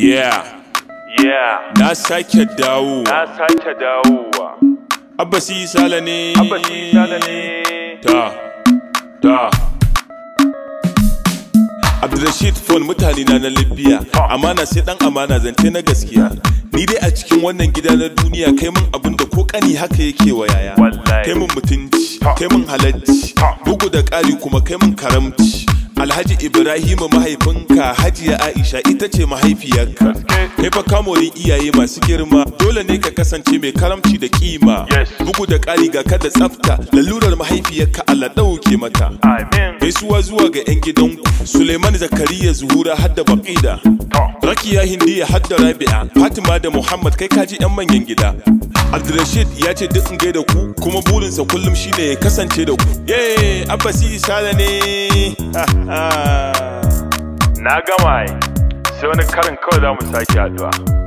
Yeah. Yeah. Na sake dawo. Na sake dawowa. Abbasi sala ne. Abbasi sala ne. Ta. Ta. Abdulrashid phone mutane na na Libya. Amana sai dan amana zance na gaskiya. Ni dai a cikin wannan gida na duniya kai mun abin da ko kani haka yake wa yaya. Kai mun mutunci, kai mun halacci, bugu da ƙari kuma kai mun karamci. alhaji ibrahimu mahaifinka hajiya aisha ita ce mahaifiyarka kai fa kamorin iyaye masu girma dole ne ka kasance mai karamci da kima bugu da ƙari ga kada tsafta lalurar mahaifiyarka allah ɗauke mata gaisuwa zuwa ga 'yan gidanku suleiman zakariya zuhura hadda baqida Rakiya ya hadda Rabi'a, Fatima da Muhammad kai kaji 'yan manyan gida. Abdulrashid ya ce duk in da ku kuma burinsa kullum shine ya kasance da ku. Ye, Abbasi Isala ne. Na gama sai wani karin kawai za mu sake haduwa